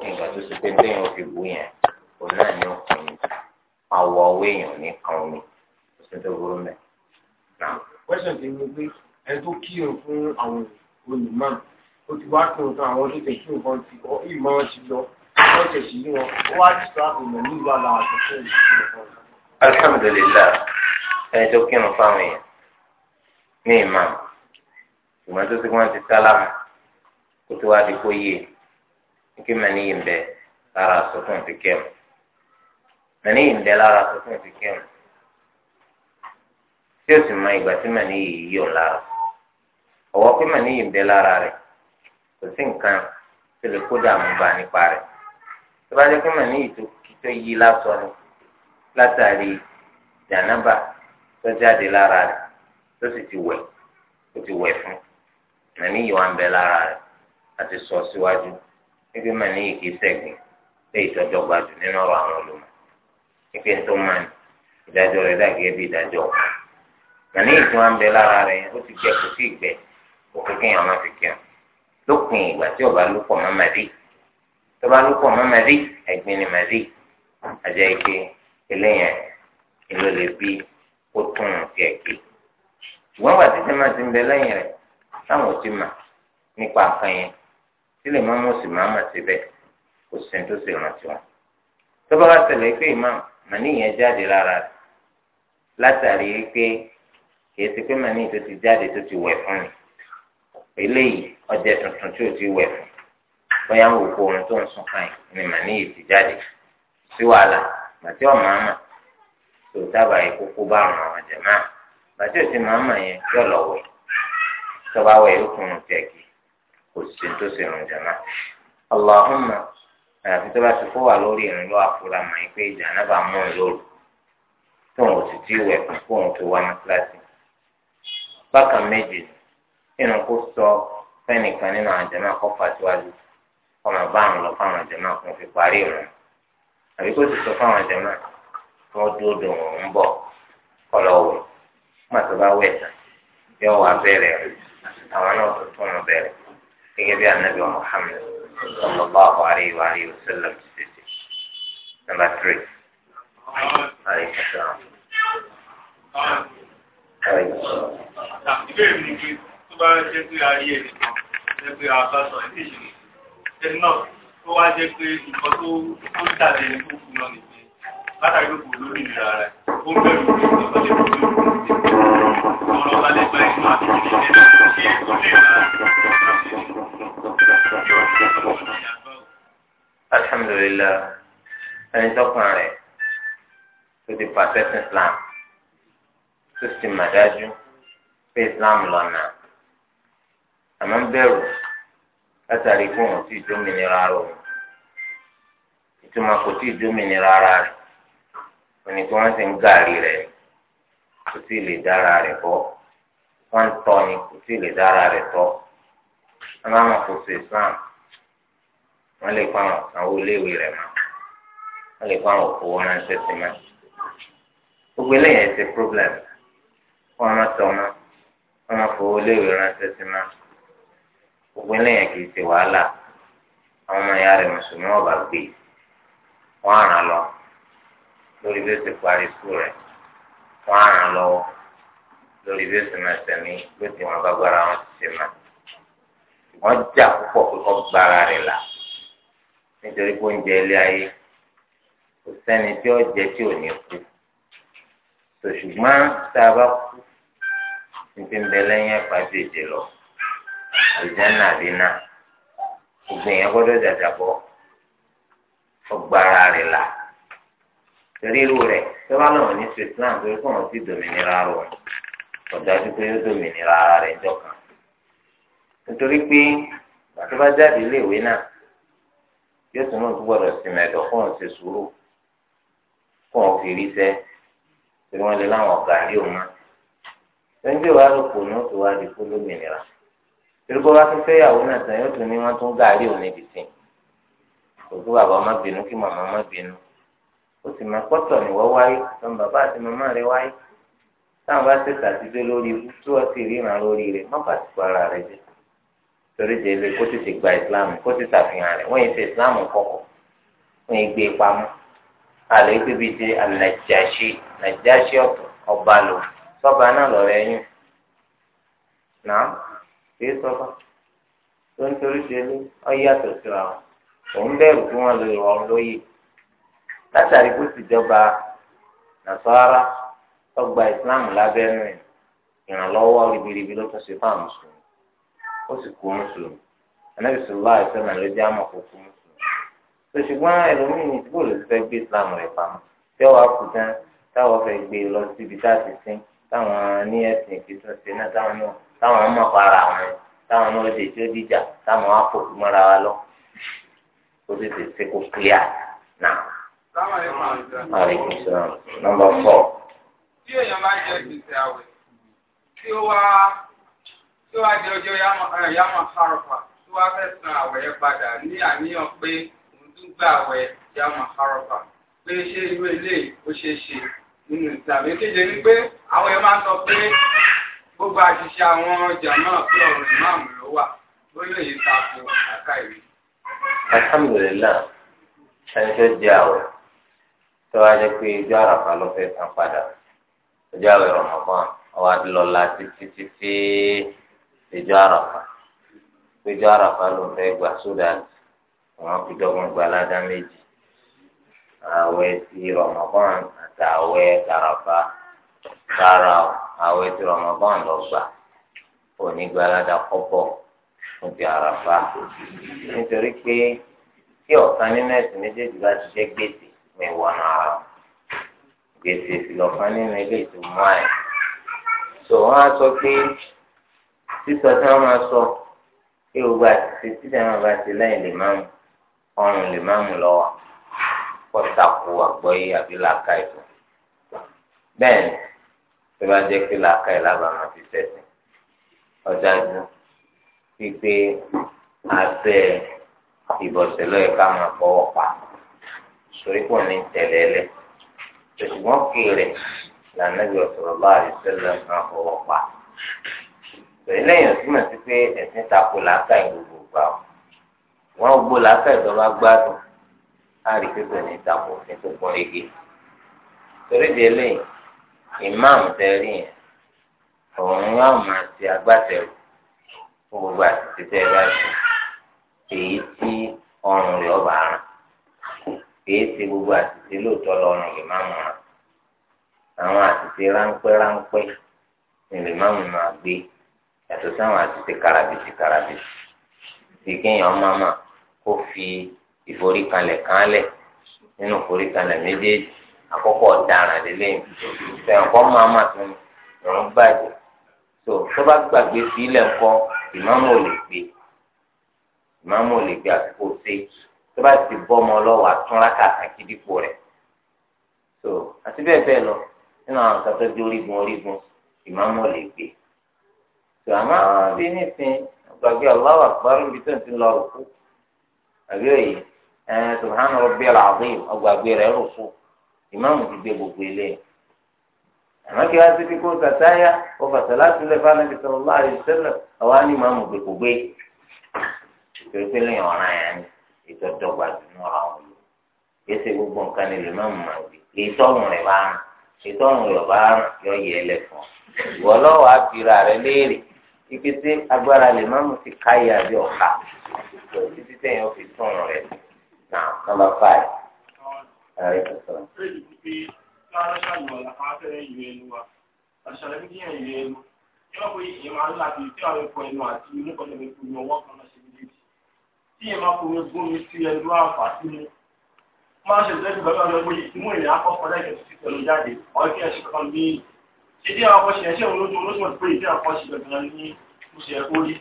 lópin ìgbà tó ṣe pé téèyàn fi wú yẹn òun náà ní òpin àwọ̀ ọwọ́ èèyàn ní kan omi kò sí tó burú mẹ́. pẹ́sẹ̀ tí mo gbé ẹni tó kírun fún àwọn olùmọ̀ ó ti wá kírun fún àwọn tó tẹ̀ kírun kan ti ọ ìmọ̀ wọn ti lọ wọ́n tẹ̀ sí wọn ó wá ti sọ àpòmọ̀ nílùú àlà àtúntò ìṣẹ̀lẹ̀ kan. alhamdulilayi ẹni tó kírun fáwọn èèyàn ní ìmọ̀ ìmọ̀ tó ti wọ́n ti sálámù kó tó wá di kó yé e. nke mani yìí lara bẹ lára aṣọ mani yìí lara bẹ lára aṣọ tí o sì mọ ìgbà tí mani yìí yíyọ lára ọwọ́ pé mani yìí ń bẹ kò sí nǹkan tó lè kó dààmú nípa bá mani tó lásán ni látàrí tó jáde tó ti wẹ̀ tó ti wẹ̀ fún mani yìí wà ń bẹ lára níbi mà ní ìké sẹ́gbìn lé ìtọ́jọ́ gbajù nínú ọ̀rọ̀ àwọn olùmọ̀ ìpè tó mà ní ìdájọ́ rẹ̀ dàgẹ́ bí ìdájọ́ mà ní ìtura ń bẹ lára rẹ̀ ó ti gbẹ kó sí ìgbẹ́ kó kékeré àwọn fi kí wọn lópin ìgbà tí ọba lúpọ̀ mọ́mọ́dé tó bá lúpọ̀ mọ́mọ́dé ẹ̀gbin ni mọ́mọ́dé àjẹ́ ike eléyẹn ìlú lè bí kó tún kẹ̀kẹ́ ṣùgbọ́n gbàtí sẹ́mà ti ń bẹ lẹ́yìn rẹ̀ táwọn ò ti mà nípa àkànyẹn tí lè má mọ̀ sí má mà síbẹ̀ kò sí ní tó sì rántí wọn. tọ́ba wa tẹ̀lé pé imam màní yẹn jáde lára rẹ̀ látàrí pé kìí ti pé màní tó ti jáde tó ti wẹ̀ fún mi eléyìí ọjà tuntun tí ò ti wẹ̀ fún bóyá ń wò kó oorun tó ń sún kàn yìí ni màní yìí ti jáde sí wàhálà màtí ọ̀ máa mà tó dábàá yìí kókó bá àwọn àwọn jẹ̀máà màtí ò ti máa mà yẹn yọ̀ lọ́wọ́ tọ́ba wẹ̀ yóò kún un jẹ́ kí. kò sí tó ṣe ràn jàmá Allahumma àyàfi tó bá ti kó lórí ìrìn lọ àfúrà mọ ìpè ìjà náà bá mú un lóru tó wọn ò tí wẹ kó kó wọn tó wá ní kíláàsì bákan méjì nínú kó sọ nínú ọmọ bá lọ fáwọn fi parí ìrìn àbí kó sì sọ fáwọn jàmá kó dúró dùn òun ń bá tán bẹ̀rẹ̀ àwọn náà gẹ́gẹ́ bí anabi muhammed sallallahu alayhi wa alayhi wa sallam ti ṣe ṣe. number three. alayhi salaam. ìbéèrè mi ni pé tó bá jẹ́ pé a rí ẹ̀rí jẹ́ pé a bá sọ ẹ̀rí ìṣẹ̀lẹ̀ ẹni náà tó wá jẹ́ pé nǹkan tó tó jáde ní kókó náà ni látàrí pé kò lórí ìlera rẹ̀ ó bẹ̀rù pé ìjọba lè fi lórí ìlera rẹ̀ ọ̀rọ̀ balẹ̀ gba ìṣúná àti ìdílé ṣé ó lè alhamdulilayi ẹni tọkàn rẹ tó ti pàṣẹ sí islam tó sì mà dájú pé islam lọ́nà àmọ́ ń bẹ̀rù látàrí pé òun sì dómìnira rẹ̀ òun ìtumọ̀ kò tí dómìnira ara rẹ̀ òní pé wọ́n ti ń gàrí rẹ̀ kò tí lè dára rẹ̀ bọ́ wọ́n ń tọ́ ni kò tí lè dára rẹ̀ tọ́ aláwọn kò sí islam wọn lè pa àwọn àwọn iléèwé rẹ mọ wọn lè pa àwọn òkú wọn ránṣẹ́ sí mọ gbogbo eléyìí ti problem fún ọmọ tọmọ ọmọ fowó iléèwé ránṣẹ́ sí mọ gbogbo eléyìí kì í ṣe wàhálà àwọn ọmọ ìyá rẹ mùsùlùmí ọba gbé wọn àràn lọ lórí bí ó ti parí sùkúl rẹ wọn àràn lọ́wọ́ lórí bí ó ti máa tẹ̀lé bí ó ti wọn bá gbára wọn ti ṣe máa wọ́n jà púpọ̀ pé kọ́ gbára rẹ̀ là nítorí pé oúnjẹ ilé ayé kò sẹ́ni tí ó jẹ tí ò ní kú ṣùgbọ́n tá a bá kú níbi ń bẹ lẹ́yìn ẹ̀fà dèjè lọ àlùjáná àbínà gbogbo èèyàn gbọ́dọ̀ dàdàbọ̀ ọgbàrá rẹ̀ là ríru rẹ̀ tó bá lọ́wọ́ ní switzerland tó kọ́ ọ́n sí dòmìnira rọ̀ ọ̀dájú pé ó dòmìnira ara rẹ̀ jọ̀kan nítorí pé bàtú bá jáde iléèwé náà yóò tún náà gbọ́dọ̀ sí mẹ́tọ̀ fún òun ṣe sùúrù fún òun fi ríṣẹ́ tí wọ́n lé láwọn ọ̀gá ilé òun náà sẹ́ńtì wa ló kù ní oṣù wa di kú lómìnira torí bó bá tún fẹ́yàwó náà tán yóò tún ní wọ́n tún gàárì òun níbi sìn kò tó bàbá má bínú kí màmá má bínú ó sì máa pọ́tọ̀ níwọ́ wáyé tán bàbá àti màmá rẹ wáyé táwọn bá ṣètà ti dé lórí ibú tí wọ́n sì ríran lórí rẹ má bàtí pa ara rẹ jẹ́ torí délé kó tètè gba islam kó tètè àfihàn rẹ̀ wọ́n yìí ṣe islam wọ́n yìí gbé ala àlẹ́ gbé bíi ti ànàjáṣe ànàjáṣe ọba lò sọ́ba náà lọ́rẹ́ yín náà kìí sọ́ba tó ń torí délé ọ yàtọ̀ síra wọn òun bẹ̀rù kí wọ́n lè rọrùn lóye látàrí kó sì jọba nàṣọ́ra ọgbà islam lábẹ́nu ìrànlọ́wọ́ ribiribi ló tún ṣe fáwọn mùsùlùmí. ó sì kú mùsùlùmí anabi sọlá ìsọlá ló jẹ àmọ́ kó kú mùsùlùmí tó ṣùgbọ́n ẹlòmíín ìdìbò ló ti fẹ́ gbé islam rẹ̀ pamọ́ tí wàá kú tán táwọn fẹ́ gbé e lọ síbi tá a ti sin táwọn ní ẹ̀sìn ìpínlẹ̀ ṣe náà táwọn náà táwọn ọmọ para àwọn táwọn ọmọ òde tí ó dìjà táwọn á fòkú mọ́ra wa lọ kó tètè ṣe kó clear náà. aleykum salaam number four. bí èèyàn bá jẹ gbèsè àwẹ̀ tí ó wá tó wá di ọjọ́ yàmà harofa tó wá fẹ́ san àwẹ̀ yẹn padà ní àníyàn pé òun tún gba àwẹ̀ yàmà harofa pé ṣé irú eléyìí ó ṣeé ṣe nínú ìsàmì kéde ni pé àwọn yẹn máa sọ pé gbogbo àṣìṣe àwọn jàmá pé ọ̀rọ̀ ìmáàmù ló wà ó lè yí tako àká ìwé. alhamdulilayi ẹni tó jẹ àwẹ̀ tó wá jẹ pé ijó àràfà ló fẹ́ san padà ijó àwẹ̀ rọmọbọn ọwọ́ adúlọ́lá títí títí ìjọ àràfà péjọ àràfà ló ń fẹ́ gbà sódà wọn fi dọ́gbọ́n gba aládá méjì àwẹ̀ ti rọmọbọ́n àtàwẹ̀ àràfà rárá o àwẹ̀ ti rọmọbọ́n lọ gbà òní gba aládá kọ́pọ̀ fún ti àràfà nítorí pé tí ọ̀kan nínú ẹ̀sìn méjèèjì bá ti gbèsè mẹ́wàá náà gbèsè sì lọ́kàn nínú ilé ìtumọ̀ ẹ̀ tó wọ́n á sọ pé sísọ tí wọ́n máa sọ pé gbogbo àtìsí tí sẹ́wọ̀n bá ti lẹ́yìn lè máa mú ọrùn lè máa mú lọ́wọ́ kọ́ takò àgbọ́yé àbí làákà ìfọ̀ bẹ́ẹ̀ ni tó bá jẹ́ pé làákà ìlàbà máa fi tẹ̀sí ọjà ju pípé abẹ́ ìbọ̀sẹ̀ lọ́yẹ̀ ká máa fọwọ́ pa sórí pọ̀ ní tẹ̀lẹ́lẹ́ ṣùgbọ́n kéré lànà bí ọ̀sọ̀rọ̀ bá àdìsẹ́lẹ̀ fọwọ́ pa eléyàn túmọ̀ sí pé ẹ̀sìn tako làákà ìgbòho gbà ó wọn gbó làákà ìjọba gbádùn á rí pé pẹ̀lú ìtako òfin tó pọ̀ ege torí di eléyìí ìmáàmù tẹ́rí yẹn òun yóò máa ti agbátẹrù fún gbogbo àtìsí tẹ́ ẹ bá ṣe èyí tí ọrùn rẹ̀ ọba rán èyí tí gbogbo àtìsí lóòótọ́ lọ́rùn rẹ̀ máa mú àwọn àtìsí ráńpẹ́ ráńpẹ́ ni lè má mú máa yàtọ̀ sáwọn àti ti karabìtì karabìtì bí kéèyàn máma kó fi ìforíkalẹ̀ kanlẹ̀ nínú ìforíkalẹ̀ méjèèjì àkọ́kọ́ ọ̀daràn lélẹ́yìn sẹ̀yìn kọ́ máma tó ní ìrún bàjẹ́ tó tó bá gbàgbé sí ilẹ̀ ńkọ́ ìmáàmù ò lè gbé ìmáàmù ò lè gbé àkókò ṣe tó bá ti bọ́ ọmọ ọlọ́wọ́ àtúnrákà àkídípò rẹ̀ tó àti bẹ́ẹ̀ bẹ́ẹ̀ lọ nínú àwọn kan tó dé orígun orígun ìmáàmù ò lè gbé tó àmọ́ bí nísìn gbàgbé aláwọ̀ àkùbárù níbi tó ń ti lọ rùkú àbí òye ẹ̀ subhana rabbiyal azim ọgbàgbé rẹ̀ rùkú ìmáàmù ti gbé gbogbo ilé àmọ́ kí sàtáyà ni ìmáàmù gbé kò yẹn ètò nínú gbogbo nǹkan ike tí agbára lè má mú ti ká yà bí ọ̀ka lọ títí tẹ̀yìn òfin tún rẹ̀ náà nọ́mbà five. Tí ṣe ìdẹ́gbẹ̀ẹ́ ìdí àwọn ọkọ̀ ṣẹ̀ṣẹ̀ olójú olóṣùwọ̀n pé ìdí àwọn ọkọ̀ ṣẹ̀ṣẹ̀ ní oṣù ẹ̀kọ́ rí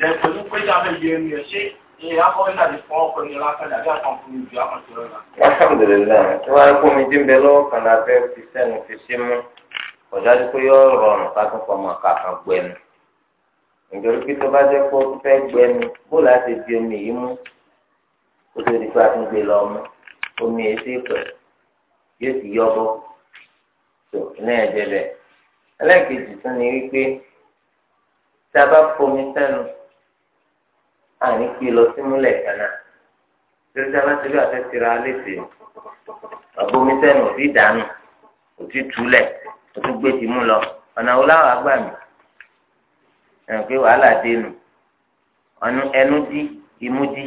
lẹ́ẹ̀kọ́ ní pé jáwé iye ẹnu ẹ̀ ṣé ìyẹn akọ́wẹ́sà lè fọ́ ọkọ̀ ìnira kẹ́lẹ̀ àbí àkànfò ní ìjọ àkànfò rẹ̀. alhamdulilayi tí wọ́n á kó mi dín bẹ lọ́wọ́ kan lábẹ́ fi sẹ́nu fi sí mú ọ̀dájú pé yọ rọrùn ká tún fọmọ kàkà gbẹnu nítorí pé tó bá jẹ́ pé fẹ́ gbẹnu bó láti di omi yìí mú ó tó di pé a lọ mú omi èsì pẹ̀ yóò sì yọ bọ́ tó ní ẹ̀jẹ̀ bẹ́ẹ̀ ẹlẹ́ẹ̀kejì tún ni wípé tí a bá fomi sẹ́nu àní kí lọ sí múlẹ̀ kaná lórí tí a bá ti bí afẹ́ tira létè àbomi sẹ́nu òbí dànù òtí túlẹ̀ òtí gbé ti mú lọ ọ̀nà oláwà gbà mí ẹ̀ pé wàhálà dénú ẹnu dí imú dí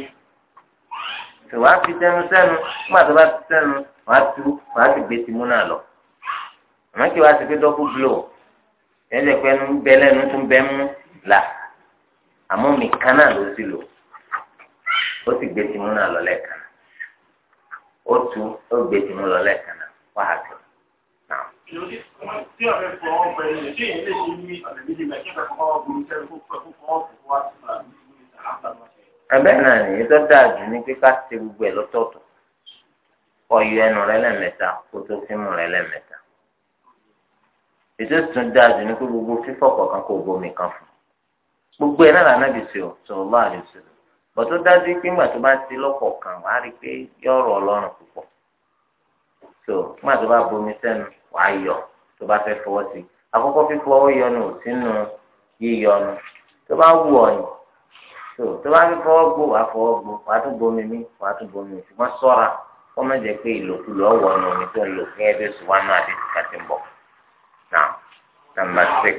tòwá fi sẹ́nu sẹ́nu nígbà tó bá fi sẹ́nu wàá tu wàá ti gbé ti mú náà lọ àmọ́ kí wàá ti gbé dọ́kú blow. ẹsẹ pé ń bẹ lẹnu tún bẹ mú là àmọ́ mi ló lò ó sì gbé tìmú náà lọ ó tu ó gbé tìmú lọ lẹ́ẹ̀kan náà wá hà sí. Ẹ̀bẹ̀ náà nìyí tó dáa jù ní pé ká gbogbo ẹ̀ ẹnu rẹ rẹ ètò ìtún dáadé ní pé gbogbo fífọ̀ kọ̀ọ̀kan kò bomi kan fún gbogbo ẹ̀ náà lànà bí sè ọ sọ̀rọ̀ bá àlè sọ̀rọ̀ bọ̀ tó dájú pé ńgbà tó bá ti lọ́pọ̀ kan wàá rí i pé yọ̀rọ̀ ọlọ́run púpọ̀ tó ńgbà tó bá bomi sẹ́nu wàá yọ tó bá fẹ́ fọwọ́ sí àkọ́kọ́ fífọwọ́ yọnu ò sínú yíyọnu tó bá wù ọ̀yìn tó tó bá fífọwọ́ gbó wàá fọwọ́ gbó wàá tún bomi mí wàá tún bomi ṣùgbọ́n sọ́ra kọ́ mẹ́jẹ pé ìlòkulò ọ̀wọ́ ọ̀nà omi tó ń lò fún ẹgbẹ́ sùn wánú àti kàtí ń bọ̀ number six.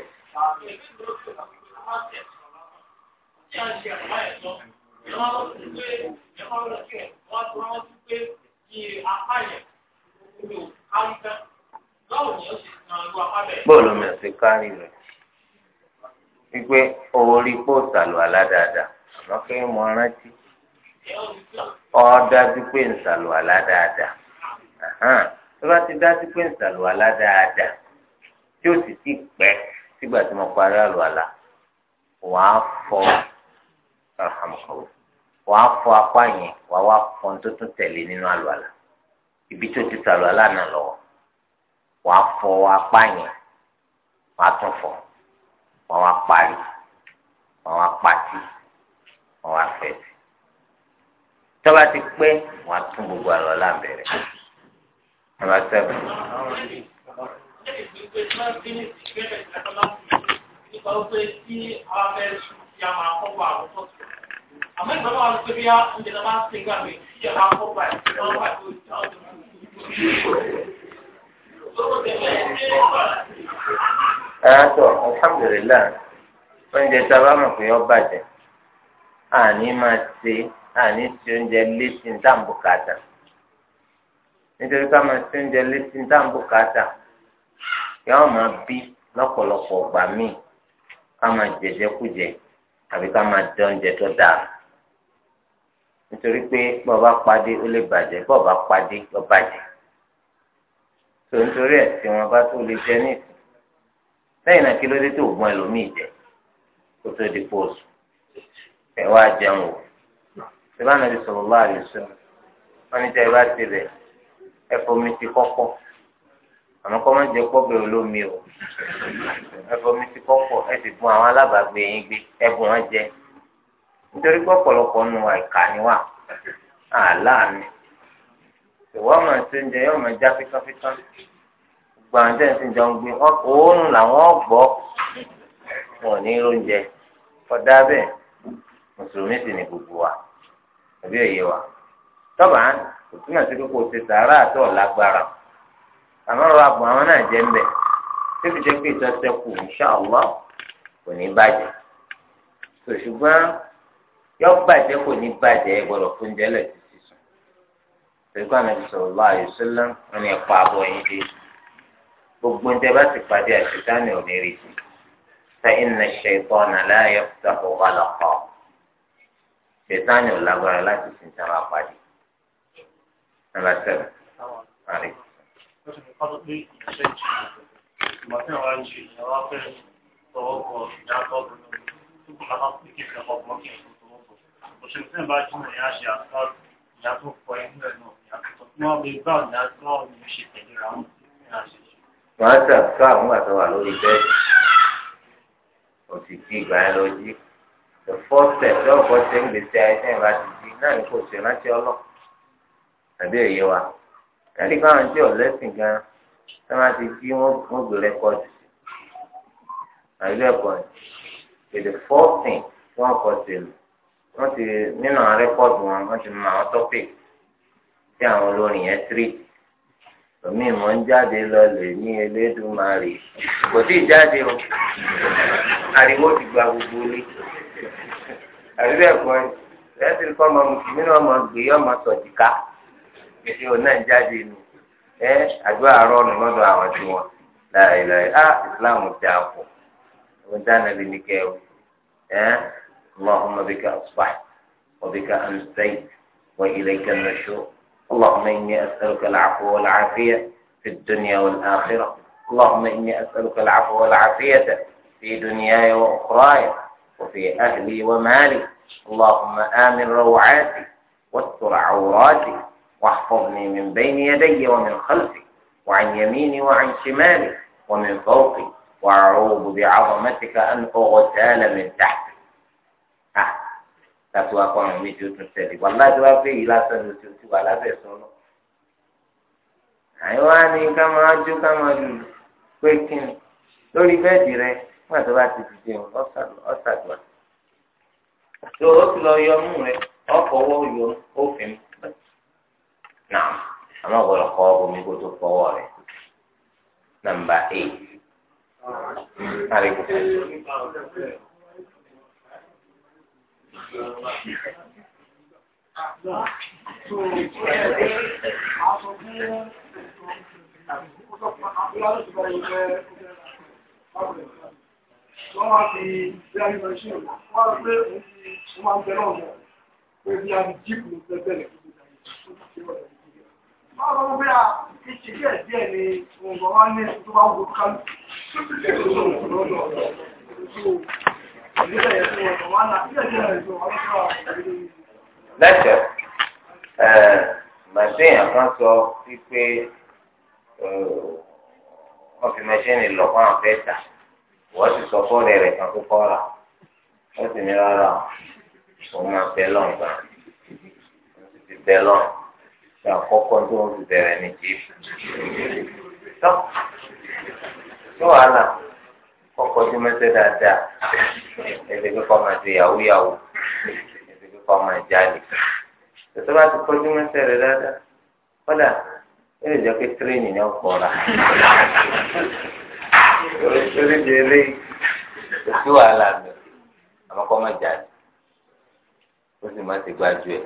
bóòlù mi ti kárí rẹ̀ wípé orí pòsàlù aládàáda àmọ́ kí mo rántí ọ dájú pé ń sàlù aládàáda tó bá ti dájú pé ń sàlù aládàáda tí ó sì ti pẹ́ sígbà tí mo parí àlọ́ àlà wàá fọ alhamdulilayi wàá fọ apá yẹn wàá wá fọ tó tún tẹ̀lé nínú àlọ́ àlà ibi tí ó ti tà àlọ́ àlà náà lọ́wọ́ wàá fọ apá yẹn wàá tún fọ wàá wá parí wàá wá pàtì wàá wá fẹ̀sì tọ́ba ti pẹ́ wàá tún gbogbo àlọ́ àlà bẹ̀rẹ̀ number seven máa ń fi ní ìbéèrè ìjọba láti nípa ó pé tí àwọn abẹ́rẹ́ sùn tí a máa kọ́ wà àwùjọ tó. àmọ́ ìjọba wa ló pé bí a ń jẹ lọ́wọ́ sí ìgbà mi tí a máa kọ́ wà ìjọba wà tó ìjọba tó ẹ tọ alhamdulilayi oúnjẹ tí a bá mọ̀ pé ó bàjẹ́ àní máa ṣe àní ṣe oúnjẹ létí ní kàtà nítorí ká máa ṣe oúnjẹ létí ní kàtà yóò máa bí lọ́pọ̀lọpọ̀ ọgbà míì ká máa jẹjẹ kújẹ àbí ká máa jẹ oúnjẹ tó dáa nítorí pé bọ́ọ̀bá padé ó lè bàjẹ́ bọ́ọ̀bá padé ló bàjẹ́ tó nítorí ẹ̀ tí wọ́n bá tó lè jẹ ní ìsìn lẹ́yìn náà kí ló dé tó gun ẹlòmíì jẹ kó tó di póòsù ẹ wá jẹun o ìbánu ti sọ̀rọ̀ bá àlùsọ wọn ní jẹ́ ìbá tilẹ̀ ẹ fomi ti kọ́kọ́ àmọ́ kọ́ máa ń jẹ pọ́bẹ̀ olómi o ẹfọmi ti kọ́kọ́ ẹ sì fún àwọn alábàágbé yín gbé ẹbùn wọn jẹ nítorí pé ọ̀pọ̀lọpọ̀ nu àìkà ni wà àláàánú ìwọ ọmọ ṣe ń jẹ yọ ọmọ já fíkánfíkán gbogbo àwọn tẹ̀sí ń jọ ń gbé òórùn làwọn gbọ́ wọn ní oúnjẹ ọ̀dà bẹ́ẹ̀ mùsùlùmí sì ní gbogbo wa àbí òye wa tọ́ba kò túmọ̀ sí pé kò ṣe sàárà àti ọ̀la gbára o àmọ́ ọ̀rọ̀ àbọ̀ àwọn náà jẹ́ ń bẹ̀ tó fi jẹ́ pé ìtọ́sẹ́kù inṣàlá kò ní bàjẹ́ tó ṣùgbọ́n yọ bàjẹ́ kò ní bàjẹ́ ẹ gbọ́dọ̀ fún jẹ́lẹ̀ títí sùn pẹ̀lú àmì sọ̀rọ̀ àyùsọ́lá wọn ni ẹ̀pọ̀ àbọ̀ yín dé gbogbo ǹjẹ́ bá ti pàdé àṣetánì ò ní rí sí فإن الشيطان لا يفتح غلقا شيطان ولا غير لا تسنتر أقادي ó sì fi kọ́ pé iṣẹ́ jù ìgbà tí àwọn ń ṣe ìyàwó afẹ́ tọwọ́ kọ ìdájọ́ ọ̀gbìn tó kọ́ lápá pé kí ìjọba ọmọ kí ìṣòro tó wọ́pọ̀ òṣèlú tí ìbá jìnnà ìyá ṣe àwọn àtọwà lórí bẹ́ẹ̀ òsì ìgbà yẹn lọ jí the first step tí ọ̀pọ̀ ṣe ń gbèsè ayé sẹ́yìn ti di náà ní kò ṣe rántí ọlọ́ tàbí èyí wa kálí báwọn tí ò lẹ́sìn gan tí wọ́n ti kí wọ́n gbé rẹ́kọ̀dì àìlú ẹ̀kọ́ èdè fọ́ọ̀tìn tí wọ́n kọ́ sí lò wọ́n ti nínú àwọn rẹ́kọ̀dì wọn wọ́n ti mọ àwọn tọ́pì tí àwọn olórin yẹn tírì omi ìmọ̀ ń jáde lọlẹ̀ ní Elédùmarè kò tí ì jáde o ariwo ti gba gbogbo ilé àìlú ẹ̀kọ́ ẹ̀ ẹ̀ ti kọ́ ọmọ mùsùlùmí ọmọ gbé ọmọ sọ̀jìká. kéde òun náà jáde nù ẹ àdúrà rọrùn lọ́dọ̀ àwọn tí wọn láì á islam dà pọ̀ òun dáná lè ní kẹwù ẹ اللهم بك أصبحت وبك أمسيت وإليك النشور اللهم إني أسألك العفو والعافية في الدنيا والآخرة اللهم إني أسألك العفو والعافية في دنياي وأخراي وفي أهلي ومالي اللهم آمن روعاتي واستر عوراتي واحفظني من بين يدي ومن خلفي وعن يميني وعن شمالي ومن فوقي واعوذ بعظمتك أن أغتال من تحتي آه تاتوا من بيجو تنسلي والله دوا في إلا ولا في سنو àìwáni ká máa jó ká máa lù pé kí ni lórí bẹ́ẹ̀dì rẹ nígbà tó bá ti dìde ọ̀sàdùà tó o ti lọ yọ mú rẹ ọkọ̀ ọwọ́ yọ òfin mu àmọ́ ọ̀gbọ́dọ̀ kọ́ omi kó tó fọwọ́ rẹ̀ nọ́mbà eight. Wọ́n wá fi bí a ní ṣe ìwọ̀n, wọ́n wá pé òun máa ń bẹ̀rẹ̀ ọ̀nà pé bí a ní jíìpù ló fẹ́ bẹ̀rẹ̀ fún ìdájọ́ ti ṣe wọ̀nyí báwo lẹ́sẹ̀ màṣíìnì kan sọ wípé wọ́n fi màṣíìnì lọ fún àwọn wọ́n sì sọ fọ́ọ̀rẹ́ rẹ̀ kan tó kọ́ wọ́n sì ní rárá òun máa bẹ́ lọ́ngbà wọ́n sì ti bẹ́ lọ́ngbà ṣe àkọ́kọ́ tó ń fi bẹ̀rẹ̀ ní kí tọ́ tó wà là kọ́kọ́ tó mẹ́sẹ̀ dáadáa ẹ̀sẹ̀ kíkọ́ máa ṣe yahoo yahoo ẹ̀sẹ̀ kíkọ́ máa jáde tòtò bá ti kọ́jú mẹ́sẹ̀ rẹ̀ dáadáa kọ́dà ó lè jẹ́ pé tírénì ni ó pọ̀ ra lórí di eléyìí kò sí wàhálà mi àmọ́ kọ́ máa jáde ó sì máa ti gbájú ẹ̀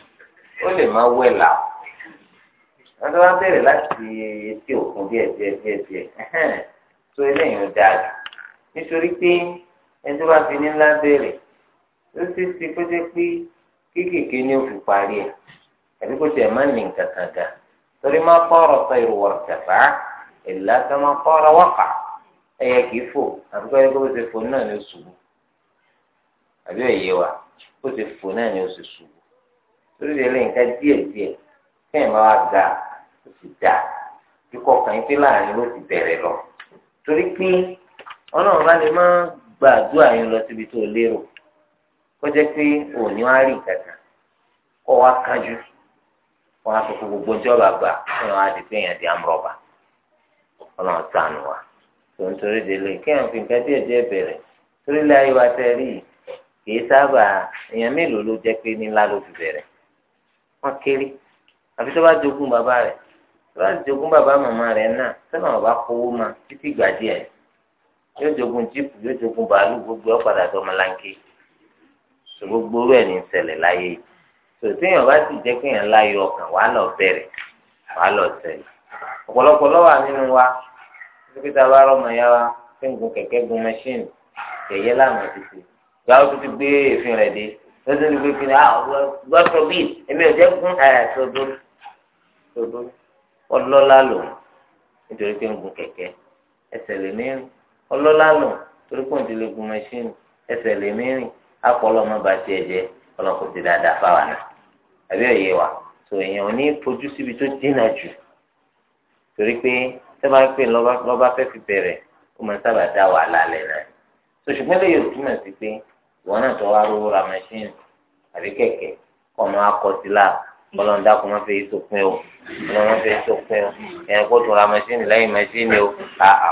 ó lè má wẹ̀ wọ́n tó bá bẹ̀rẹ̀ láti etí òkun díẹ̀ díẹ̀ díẹ̀ díẹ̀ tó eléyìí ó dáa jù nítorí pé ẹni tó bá fi ní ńlá bẹ̀rẹ̀ ó sì ti kó pé kéékèèké ni ó fi parí ẹ̀ àbí kó tiẹ̀ má ní nǹkan kan torí má kọ́rọ̀ sọ ìrùwọ̀rọ̀ tẹ̀fà ìlà tó má kọ́rọ̀ wọ́pà ẹ̀yẹ kì fò àbí kọ́ ẹ̀yẹ kó ti fò náà ni ó ṣubú àbí ẹ̀yẹ wa kó ti fò náà ni ó sì ṣubú torí lè rìn nǹkan díẹ̀ díẹ̀ kéèyàn máa wá ga ó sì dà kíkọ́ kàn yín pé láàrin ló ti bẹ̀rẹ̀ lọ torí pé ọlọ́run bá lè má gbàdúrà yín lọ síbi tó lérò kó jẹ́ pé òní wá rí kankan kó wá kánjú kó wá sọ pé gbogbo ìjọba gbà kéèyàn wá di péyàn di amúrọ̀bà ọlọ́run sànù wa tó ń torí délé kéèyàn fi nǹkan díẹ̀ díẹ̀ bẹ̀rẹ̀ torí láyé wa tẹ́ rí kì í sábà èèyàn mélòó ló jẹ́ pé ńlá ló fi bẹ̀rẹ̀ wọn kéré àfi tó bá jogún bàbá rẹ̀ tó bá jogún bàbá màmá rẹ̀ náà sẹ́nà bàbá kówó ma títí gbà díẹ̀ yóò jogún jíìpù yóò jogún bàálù gbogbo ẹ̀ padà dọ́mọláńké sọ gbogbo rẹ̀ ní ṣẹlẹ̀ láyé yìí tòtẹ́yìn ọba sì jẹ́ kéèyàn láyọ̀ ọkàn wàá lọ bẹ̀rẹ̀ wàá lọ tẹ̀lẹ̀ ọ̀pọ̀lọpọ̀ lọ́wọ́ nínú wa dókítà bá rọ̀ mọ̀ọ́yá wa tí gun kẹ̀kẹ́ gun mẹ́ṣíìnì kẹ̀yẹ́ lánàá títí gba ó tún ti gbé èéfín rẹ̀ dé lọ́dún ní pípín ní gbọ́ sọ́bí èmi ò jẹ́ gún ṣòdún ṣòdún ọlọ́lá lò nítorí pé ń gun kẹ̀kẹ́ ẹsẹ̀ lè mí rìn ọlọ́lá lò torí pé òun ti lè gun mẹ́ṣíìnì ẹsẹ̀ lè mí rìn akọlọ ọmọ bá tiẹ̀ jẹ ọlọ́kùn ti dáadáa fáwọn náà àbí ẹ̀yẹ wa tó èèyàn ò ní fojú síbi tó dínà jù torí pé sábà ń pè lọ́ba fẹ́ fi bẹ̀rẹ̀ ó máa sábà dá wàhálà lẹ̀ náà tó ṣùgbọ́n lè yóò túmọ̀ sí pé wọn náà tó wá rówó ra machine àbí kẹ̀kẹ́ kọ́ máa kọ́ sí la ọlọ́ọ̀dà kò má fẹ́ yí sópin o ọlọ́ọ̀dà fẹ́ yí sópin o ẹ̀yìn kó tó ra machine lẹ́yìn machine o àà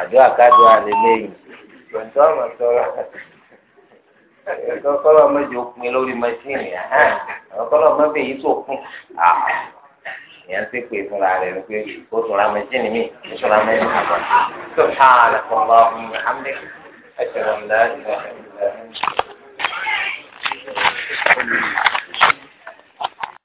àjọ àkájọ àlélẹ́yìn gbọ̀ntọ́ ọ̀rọ̀ sọ̀rọ̀ ẹ̀kọ́ kọ́lọ́ mẹ́jọ pin lórí machine ẹ̀hán ẹ̀kọ́ kọ́lọ́ mẹ́fẹ́ yí sópin àà yẹn ti pè fúnra rẹ̀ ni pé kó tó ra machine mi kó tó ra machine mi àbọ̀ tó ṣáà lẹ́kọ̀ọ́ أشهد أن لا إله إلا